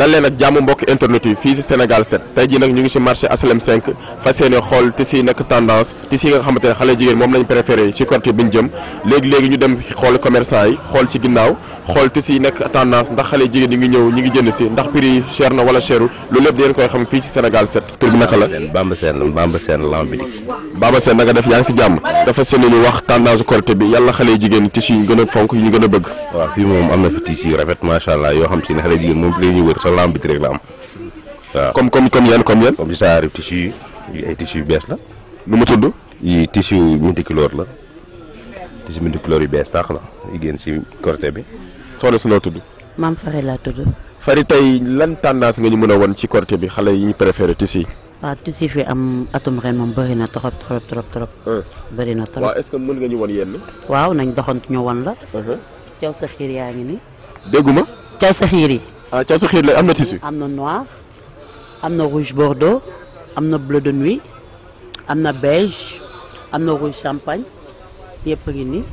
dal leen jàmm mbokk internet yi fii si Sénégal 7 tey jii nag ñu ngi si marché HLM 5 fas yéene xool tissu nekk tendance tissu nga xamante xale jigéen moom lañ koy xam fii def yaa ngi si jàmm dafa seen ñu wax tendance Korité bi yàlla xale jigéen tissu yi ñu fonk yi ñu bëgg lamb bi rek la am. waaw comme comme comme yan comme yan. comme genre tissu yi ay tissu yu bees la. nu mu tudd. yii tissu multicolore la. tissu multicolore yi bees tax la yu génn si Korité bi. soxna su loo tudd. maam Fari laa tudd. Fari tey lan tendance nga ñu mën a won ci Korité bi xale yi ñu préféré tissu yi. tissu fi am atum ren moom bëri na trop trop trop trop. na trop waaw est-ce que mën nga ñu won yenn. waaw nañ doxantu ñu won la. caw sa xiir yaa ngi ni. dégguma. ah caasu xiir la am na tissu. am na noir am na rouge bordeaux am na bleu de nuit am na beige am na rouge champagne yëpp a ngi nii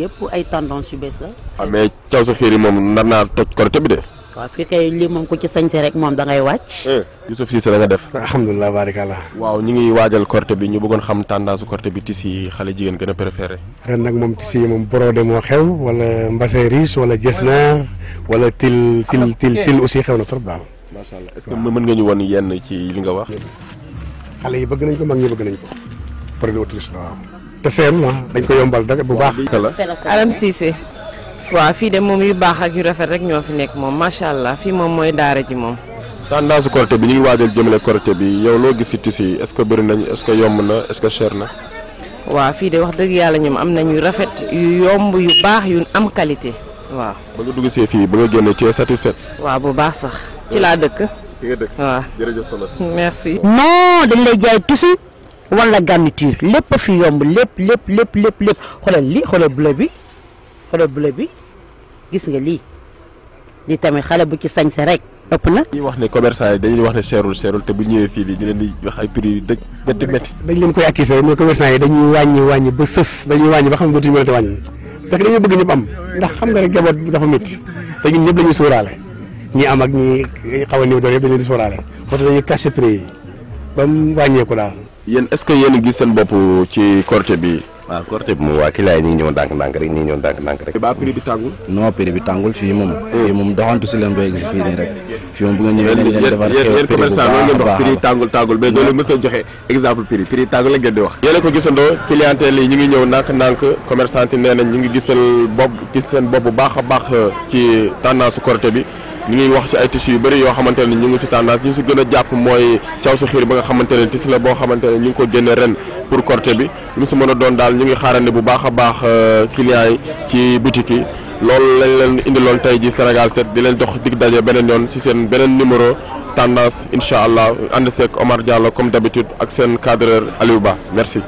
yëpp ay tendance yu bees la. waaw ah, mais caasu xiir yi moom nar naa toj korite bi de. waaw fi kay lii moom ku ci sañse rek moom da ngay wàcc. Eh, Youssouf Cissé la def. alhamdulilah barikala. waaw ñu ngi waajal corté bi ñu bëggoon xam tendance corté bi tissu yi xale jigéen gën a préféré. ren nag moom tissu yi moom brodé moo xew wala mbassin riche wala jesner wala til til til til aussi xew na trop daal. macha allah est ce que mën nga ñu won yenn ci li nga wax. xale yi ko mag ñi bëgg nañ ko. produit la waaw. te seen ah, dañ ko yombal dara bu baax. kala Aram waaw fii de moom yu baax ak yu rafet rek ñoo fi nekk moom macha allah fii moom mooy daara ji moom. tendance korité bi ñu ngi waajal jëmale korité bi yow loo gis ci tissu yi est-ce que bëri nañ est yomb na est-ce na. waaw fii de wax dëgg yàlla ñoom am nañ yu rafet yu yomb yu baax yu am qualité waaw. ba nga dugg see fii ba nga génne ci satisfait. waaw bu baax sax ci laa dëkk. ci nga dëkk waaw jërëjëf soxna si merci. non dañ lay jaay tissu wala garniture lépp fi yomb lépp lépp lépp lépp lépp xoolal li xoolal bleu bi xoolal bi. gis nga lii lii tamit xale bu ci sañse rek ëpp na. ñuy wax ne commerçant yi dañuy wax ne seerul seerul te bu ñëwee fii lii ñu leen di wax ay prix yu dëj métti métti. dañ leen koy accuser mooy commerçant yi dañuy wàññi wàññi ba sës dañuy wàññi ba xam a xam nga rek jaboot dafa métti te ñun ñëpp dañuy sóoraale am ak ñi xaw a néew doole yëpp dañuy sóoraale moo tax dañuy caché prix yi ba mu wàññeeku daal. yéen est-ce gis seen bopp ci corté bi waaw ah, Korité bi moom waa client yi ñi ngi ndànk-ndànk rek ñi ngi ndànk-ndànk rek ba prix bi tàngul non prix bi tàngul fii moom ah. fii moom leen ba egsi fii nii rek fii moom bu ñëwee dañ a ñëw ndànk-ndànk commerçant yi ñu ngi gisal bopp gis seen bopp bu baax a baax ci tendance Korité bi ñu ñuy wax ci ay tissus yu bëri yoo xamante ni ñu ngi ci tendance ñu ci gën a jàpp mooy caw su xiir ba nga xamante ne tissu la boo xamante ne ñu ngi ko génne ren pour corté bi lu ci mën a doon daal ñu ngi xaarandi bu baax a baax euh, clients yi ci boutique yi loolu lañ leen indiloon tey ji Sénégal 7 di leen dox dig daje beneen yoon ci seen beneen numéro tendance incha allah ànd seeg Omar Diallo comme d'habitude ak seen cadreur Aliou Ba merci